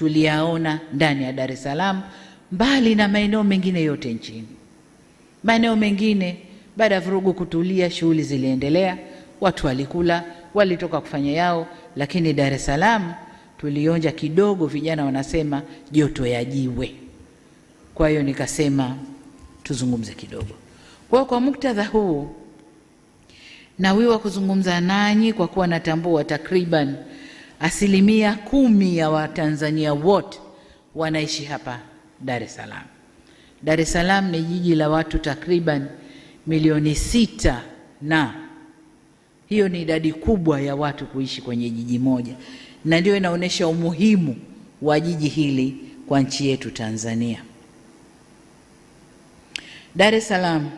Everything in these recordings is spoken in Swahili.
tuliyaona ndani ya Dar es Salaam, mbali na maeneo mengine yote nchini. Maeneo mengine baada ya vurugu kutulia, shughuli ziliendelea, watu walikula, walitoka kufanya yao, lakini Dar es Salaam tulionja kidogo, vijana wanasema joto ya jiwe. Kwa hiyo nikasema tuzungumze kidogo. Kwa hiyo kwa muktadha huu nawiwa kuzungumza nanyi kwa kuwa natambua takriban Asilimia kumi ya Watanzania wote wanaishi hapa Dar es Salaam. Dar es Salaam ni jiji la watu takriban milioni sita na hiyo ni idadi kubwa ya watu kuishi kwenye jiji moja, na ndio inaonyesha umuhimu wa jiji hili kwa nchi yetu Tanzania. Dar es Salaam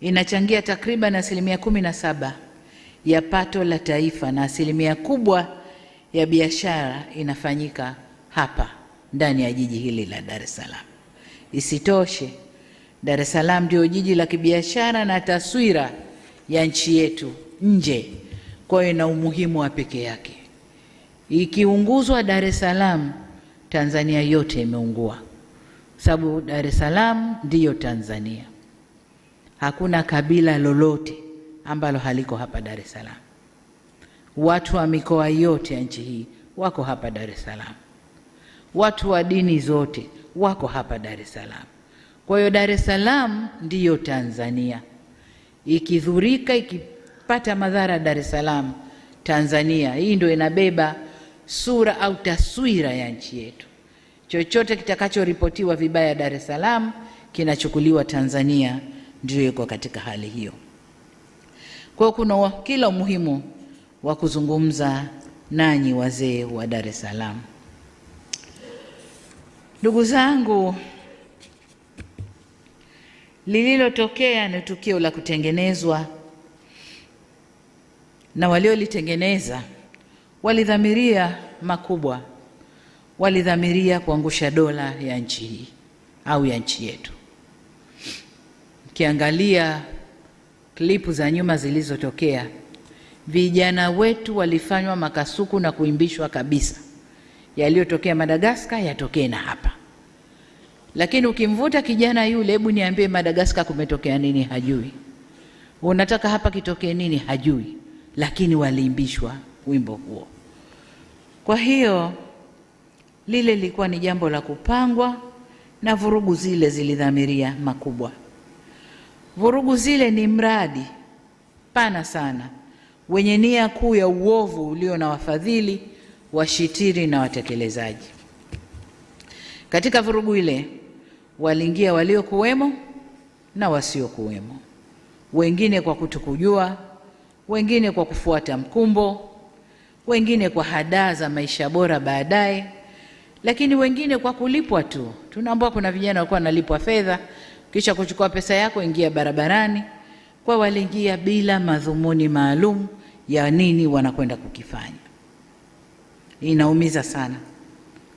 inachangia takriban asilimia kumi na saba ya pato la taifa na asilimia kubwa ya biashara inafanyika hapa ndani ya jiji hili la Dar es Salaam. Isitoshe, Dar es Salaam ndio jiji la kibiashara na taswira ya nchi yetu nje, kwa hiyo ina umuhimu wa pekee yake. Ikiunguzwa Dar es Salaam, Tanzania yote imeungua, sababu Dar es Salaam ndiyo Tanzania. Hakuna kabila lolote ambalo haliko hapa Dar es Salaam. Watu wa mikoa yote ya nchi hii wako hapa Dar es Salaam, watu wa dini zote wako hapa Dar es Salaam. Kwa hiyo Dar es Salaam ndiyo Tanzania. Ikidhurika, ikipata madhara Dar es Salaam, Tanzania hii ndio inabeba sura au taswira ya nchi yetu. Chochote kitakachoripotiwa vibaya Dar es Salaam kinachukuliwa Tanzania, ndio iko katika hali hiyo. Kwa hiyo kuna kila umuhimu wa kuzungumza nanyi wazee wa Dar es Salaam. Ndugu zangu, lililotokea ni tukio la kutengenezwa na waliolitengeneza walidhamiria makubwa, walidhamiria kuangusha dola ya nchi hii au ya nchi yetu. Mkiangalia klipu za nyuma zilizotokea vijana wetu walifanywa makasuku na kuimbishwa kabisa. Yaliyotokea Madagaskar yatokee na hapa. Lakini ukimvuta kijana yule, hebu niambie, Madagaskar kumetokea nini? Hajui. Unataka hapa kitokee nini? Hajui. Lakini waliimbishwa wimbo huo. Kwa hiyo lile lilikuwa ni jambo la kupangwa, na vurugu zile zilidhamiria makubwa. Vurugu zile ni mradi pana sana wenye nia kuu ya uovu ulio na wafadhili, washitiri na watekelezaji. Katika vurugu ile waliingia waliokuwemo na wasiokuwemo, wengine kwa kutokujua, wengine kwa kufuata mkumbo, wengine kwa hadaa za maisha bora baadaye, lakini wengine kwa kulipwa tu. Tunaambua kuna vijana walikuwa wanalipwa fedha, kisha kuchukua pesa yako, ingia barabarani. Kwa waliingia bila madhumuni maalum ya nini wanakwenda kukifanya. Inaumiza sana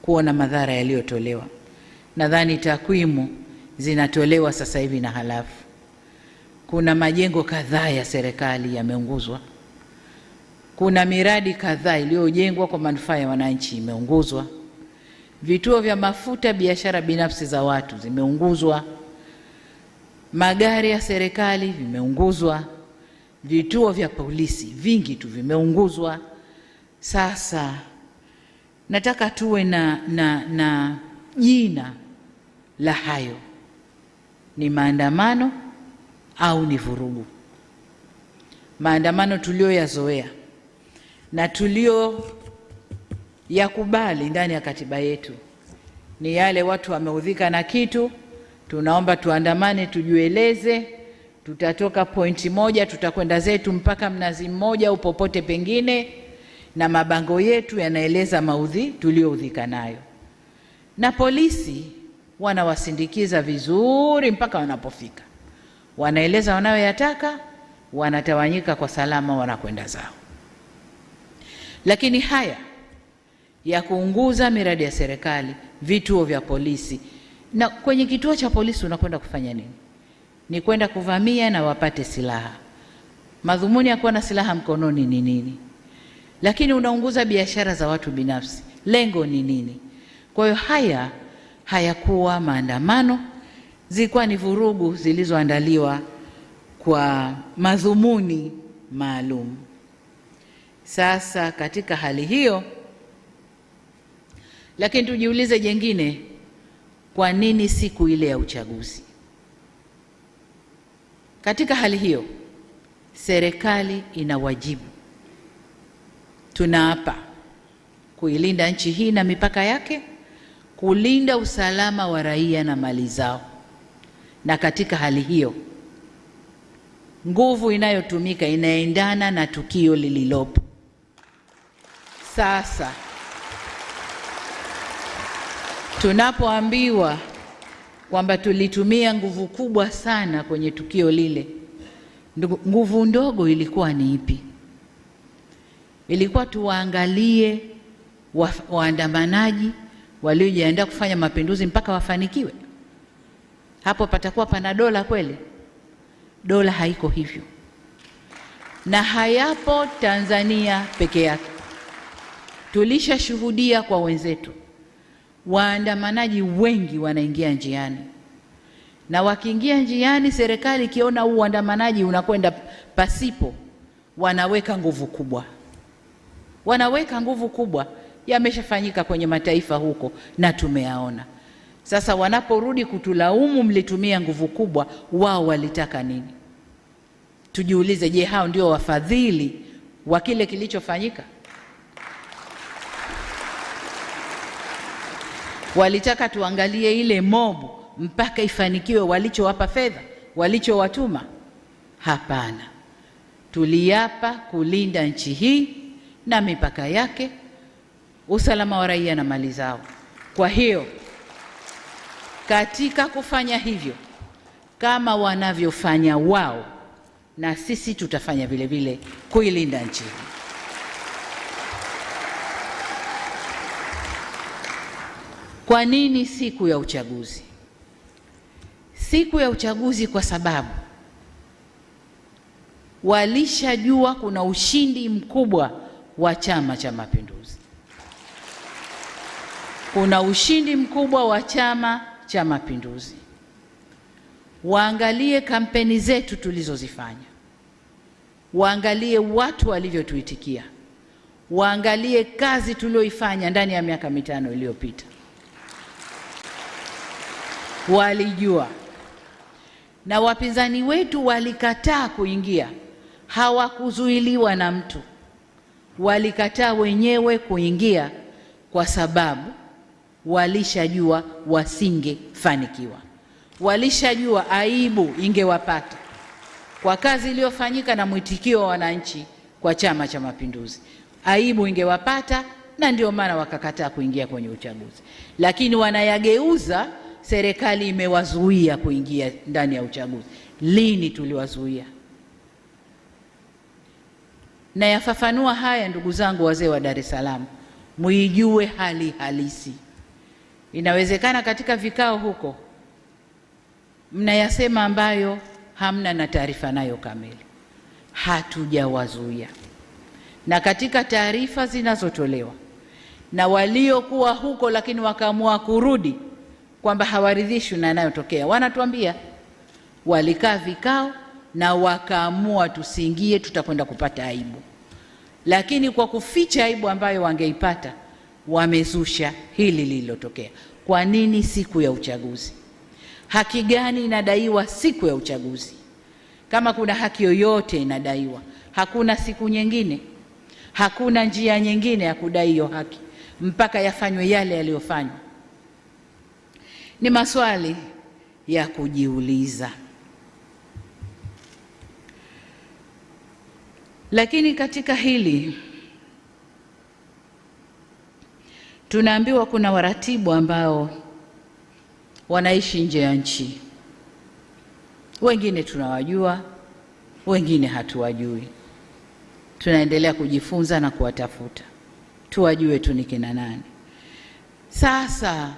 kuona madhara yaliyotolewa. Nadhani takwimu zinatolewa sasa hivi na halafu, kuna majengo kadhaa ya serikali yameunguzwa, kuna miradi kadhaa iliyojengwa kwa manufaa ya wananchi imeunguzwa, vituo vya mafuta, biashara binafsi za watu zimeunguzwa, magari ya serikali vimeunguzwa. Vituo vya polisi vingi tu vimeunguzwa. Sasa nataka tuwe na, na, na jina la hayo, ni maandamano au ni vurugu? Maandamano tuliyoyazoea na tulio yakubali ndani ya katiba yetu ni yale watu wameudhika na kitu, tunaomba tuandamane, tujieleze tutatoka pointi moja, tutakwenda zetu mpaka Mnazi Mmoja au popote pengine, na mabango yetu yanaeleza maudhi tuliyoudhika nayo, na polisi wanawasindikiza vizuri mpaka wanapofika, wanaeleza wanayoyataka, wanatawanyika kwa salama, wanakwenda zao. Lakini haya ya kuunguza miradi ya serikali, vituo vya polisi, na kwenye kituo cha polisi unakwenda kufanya nini? ni kwenda kuvamia na wapate silaha. Madhumuni ya kuwa na silaha mkononi ni nini? Lakini unaunguza biashara za watu binafsi, lengo ni nini? Kwa hiyo haya hayakuwa maandamano, zilikuwa ni vurugu zilizoandaliwa kwa madhumuni maalum. Sasa katika hali hiyo, lakini tujiulize jengine, kwa nini siku ile ya uchaguzi? Katika hali hiyo, serikali ina wajibu, tunaapa kuilinda nchi hii na mipaka yake, kulinda usalama wa raia na mali zao. Na katika hali hiyo, nguvu inayotumika inaendana na tukio lililopo sasa. Tunapoambiwa kwamba tulitumia nguvu kubwa sana kwenye tukio lile. Nguvu ndogo ilikuwa ni ipi? Ilikuwa tuwaangalie wa, waandamanaji waliojiandaa kufanya mapinduzi mpaka wafanikiwe? Hapo patakuwa pana dola kweli? Dola haiko hivyo, na hayapo Tanzania peke yake, tulishashuhudia kwa wenzetu waandamanaji wengi wanaingia njiani, na wakiingia njiani, serikali ikiona huu uandamanaji unakwenda pasipo, wanaweka nguvu kubwa, wanaweka nguvu kubwa. Yameshafanyika kwenye mataifa huko na tumeyaona. Sasa wanaporudi kutulaumu, mlitumia nguvu kubwa, wao walitaka nini? Tujiulize, je, hao ndio wafadhili wa kile kilichofanyika? Walitaka tuangalie ile mobu mpaka ifanikiwe walichowapa fedha, walichowatuma? Hapana, tuliapa kulinda nchi hii na mipaka yake, usalama wa raia na mali zao. Kwa hiyo katika kufanya hivyo, kama wanavyofanya wao, na sisi tutafanya vile vile kuilinda nchi hii. Kwa nini siku ya uchaguzi? Siku ya uchaguzi kwa sababu walishajua kuna ushindi mkubwa wa Chama cha Mapinduzi, kuna ushindi mkubwa wa Chama cha Mapinduzi. Waangalie kampeni zetu tulizozifanya, waangalie watu walivyotuitikia, waangalie kazi tulioifanya ndani ya miaka mitano iliyopita walijua, na wapinzani wetu walikataa kuingia, hawakuzuiliwa na mtu, walikataa wenyewe kuingia kwa sababu walishajua wasingefanikiwa, walishajua aibu ingewapata kwa kazi iliyofanyika na mwitikio wa wananchi kwa Chama cha Mapinduzi, aibu ingewapata, na ndio maana wakakataa kuingia kwenye uchaguzi, lakini wanayageuza serikali imewazuia kuingia ndani ya uchaguzi. Lini tuliwazuia? Nayafafanua haya ndugu zangu, wazee wa Dar es Salaam, muijue hali halisi. Inawezekana katika vikao huko mnayasema ambayo hamna na taarifa nayo kamili. Hatujawazuia, na katika taarifa zinazotolewa na waliokuwa huko lakini wakaamua kurudi kwamba hawaridhishwi na yanayotokea, wanatuambia walikaa vikao na wakaamua tusiingie, tutakwenda kupata aibu. Lakini kwa kuficha aibu ambayo wangeipata, wamezusha hili lililotokea. Kwa nini siku ya uchaguzi? Haki gani inadaiwa siku ya uchaguzi? Kama kuna haki yoyote inadaiwa, hakuna siku nyingine, hakuna njia nyingine ya kudai hiyo haki mpaka yafanywe yale yaliyofanywa. Ni maswali ya kujiuliza. Lakini katika hili tunaambiwa kuna waratibu ambao wanaishi nje ya nchi, wengine tunawajua, wengine hatuwajui. Tunaendelea kujifunza na kuwatafuta tuwajue tu ni kina nani. Sasa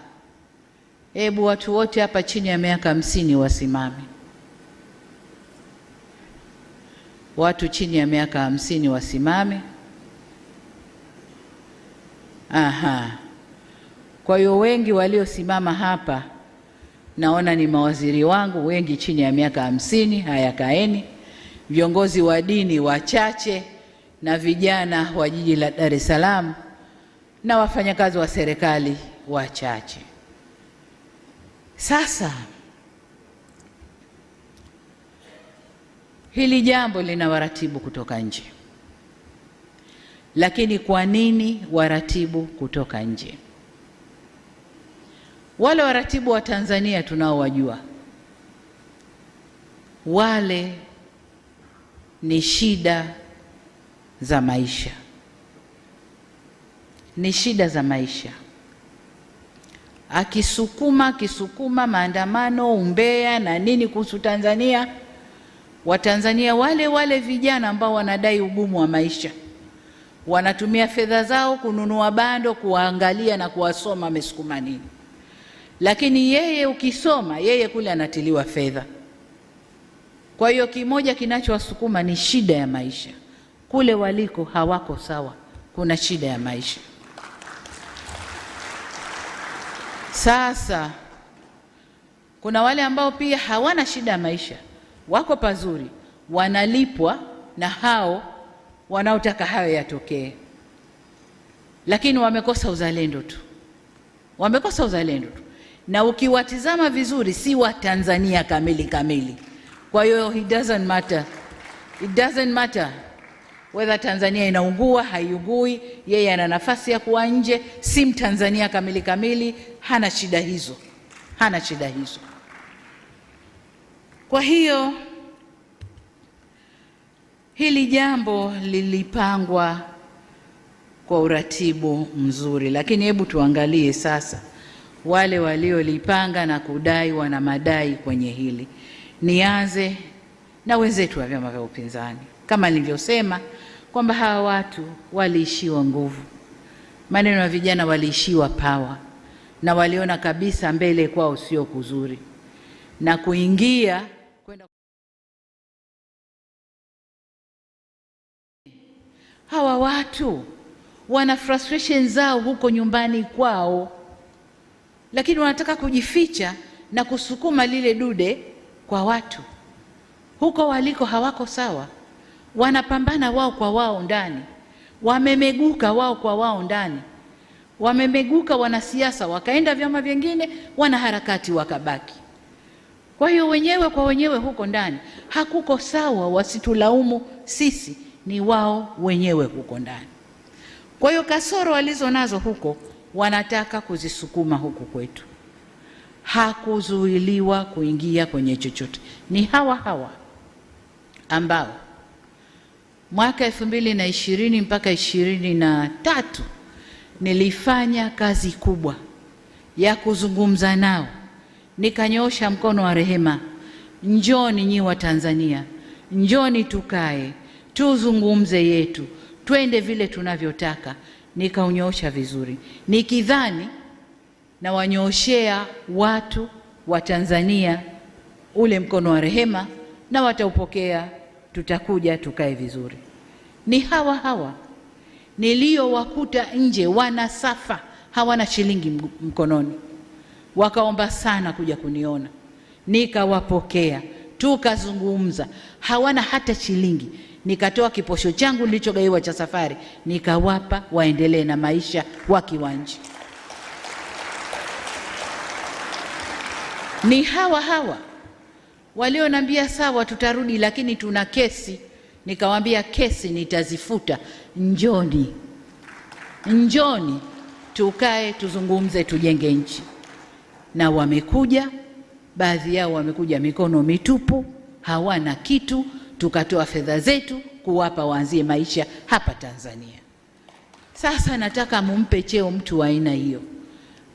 Hebu watu wote hapa chini ya miaka hamsini wasimame, watu chini ya miaka hamsini wasimame. Aha, kwa hiyo wengi waliosimama hapa naona ni mawaziri wangu, wengi chini ya miaka hamsini. Haya, kaeni. Viongozi wa dini wachache na vijana wa jiji la Dar es Salaam na wafanyakazi wa serikali wachache. Sasa hili jambo lina waratibu kutoka nje, lakini kwa nini waratibu kutoka nje? Wale waratibu wa Tanzania tunaowajua wale ni shida za maisha, ni shida za maisha akisukuma akisukuma maandamano, umbea na nini kuhusu Tanzania. Watanzania wale wale vijana ambao wanadai ugumu wa maisha wanatumia fedha zao kununua bando, kuwaangalia na kuwasoma wamesukuma nini, lakini yeye ukisoma yeye kule anatiliwa fedha. Kwa hiyo kimoja kinachowasukuma ni shida ya maisha, kule waliko hawako sawa, kuna shida ya maisha. Sasa kuna wale ambao pia hawana shida ya maisha, wako pazuri, wanalipwa na hao wanaotaka hayo yatokee, lakini wamekosa uzalendo tu, wamekosa uzalendo tu. Na ukiwatizama vizuri, si wa Tanzania kamili kamili. Kwa hiyo it doesn't matter, it doesn't matter whether Tanzania inaungua haiungui, yeye ana nafasi ya kuwa nje, si Mtanzania kamili kamili, hana shida hizo, hana shida hizo. Kwa hiyo hili jambo lilipangwa kwa uratibu mzuri, lakini hebu tuangalie sasa wale waliolipanga na kudai wana madai kwenye hili. Nianze na wenzetu wa vyama vya upinzani kama nilivyosema kwamba hawa watu waliishiwa nguvu, maneno ya vijana, waliishiwa pawa na waliona kabisa mbele kwao sio kuzuri na kuingia kwenda. Hawa watu wana frustration zao huko nyumbani kwao, lakini wanataka kujificha na kusukuma lile dude kwa watu. Huko waliko hawako sawa wanapambana wao kwa wao ndani, wamemeguka wao kwa wao ndani, wamemeguka wanasiasa, wakaenda vyama vyingine, wanaharakati wakabaki. Kwa hiyo wenyewe kwa wenyewe huko ndani hakuko sawa, wasitulaumu sisi, ni wao wenyewe huko ndani. Kwa hiyo kasoro walizo nazo huko wanataka kuzisukuma huku kwetu. Hakuzuiliwa kuingia kwenye chochote, ni hawa hawa ambao Mwaka elfu mbili na ishirini mpaka ishirini na tatu nilifanya kazi kubwa ya kuzungumza nao, nikanyoosha mkono wa rehema, njoni nyi wa Tanzania, njoni tukae tuzungumze yetu, twende vile tunavyotaka. Nikaunyoosha vizuri, nikidhani nawanyooshea watu wa Tanzania ule mkono wa rehema na wataupokea tutakuja tukae vizuri. Ni hawa hawa niliowakuta nje wana safa hawana shilingi mkononi, wakaomba sana kuja kuniona, nikawapokea tukazungumza, hawana hata shilingi. Nikatoa kiposho changu nilichogaiwa cha safari, nikawapa waendelee na maisha wakiwa nje. Ni hawa hawa walionambia sawa, tutarudi lakini tuna kesi. Nikawambia kesi nitazifuta, njoni njoni tukae tuzungumze, tujenge nchi. Na wamekuja baadhi yao, wamekuja mikono mitupu, hawana kitu. Tukatoa fedha zetu kuwapa waanzie maisha hapa Tanzania. Sasa nataka mumpe cheo mtu wa aina hiyo,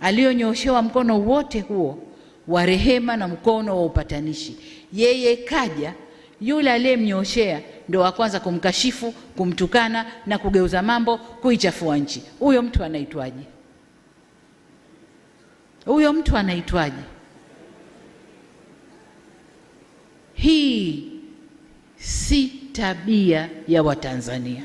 aliyonyoshewa mkono wote huo wa rehema na mkono wa upatanishi. Yeye kaja, yule aliyemnyooshea ndo wa kwanza kumkashifu, kumtukana na kugeuza mambo, kuichafua nchi. Huyo mtu anaitwaje? Huyo mtu anaitwaje? Hii si tabia ya Watanzania.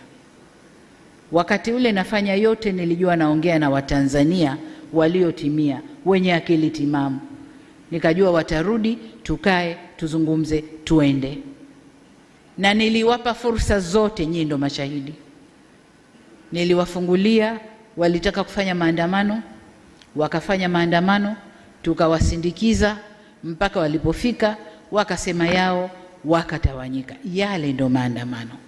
Wakati ule nafanya yote, nilijua naongea na Watanzania waliotimia wenye akili timamu nikajua watarudi, tukae tuzungumze, tuende. Na niliwapa fursa zote, nyinyi ndo mashahidi. Niliwafungulia, walitaka kufanya maandamano, wakafanya maandamano, tukawasindikiza mpaka walipofika, wakasema yao, wakatawanyika. Yale ndo maandamano.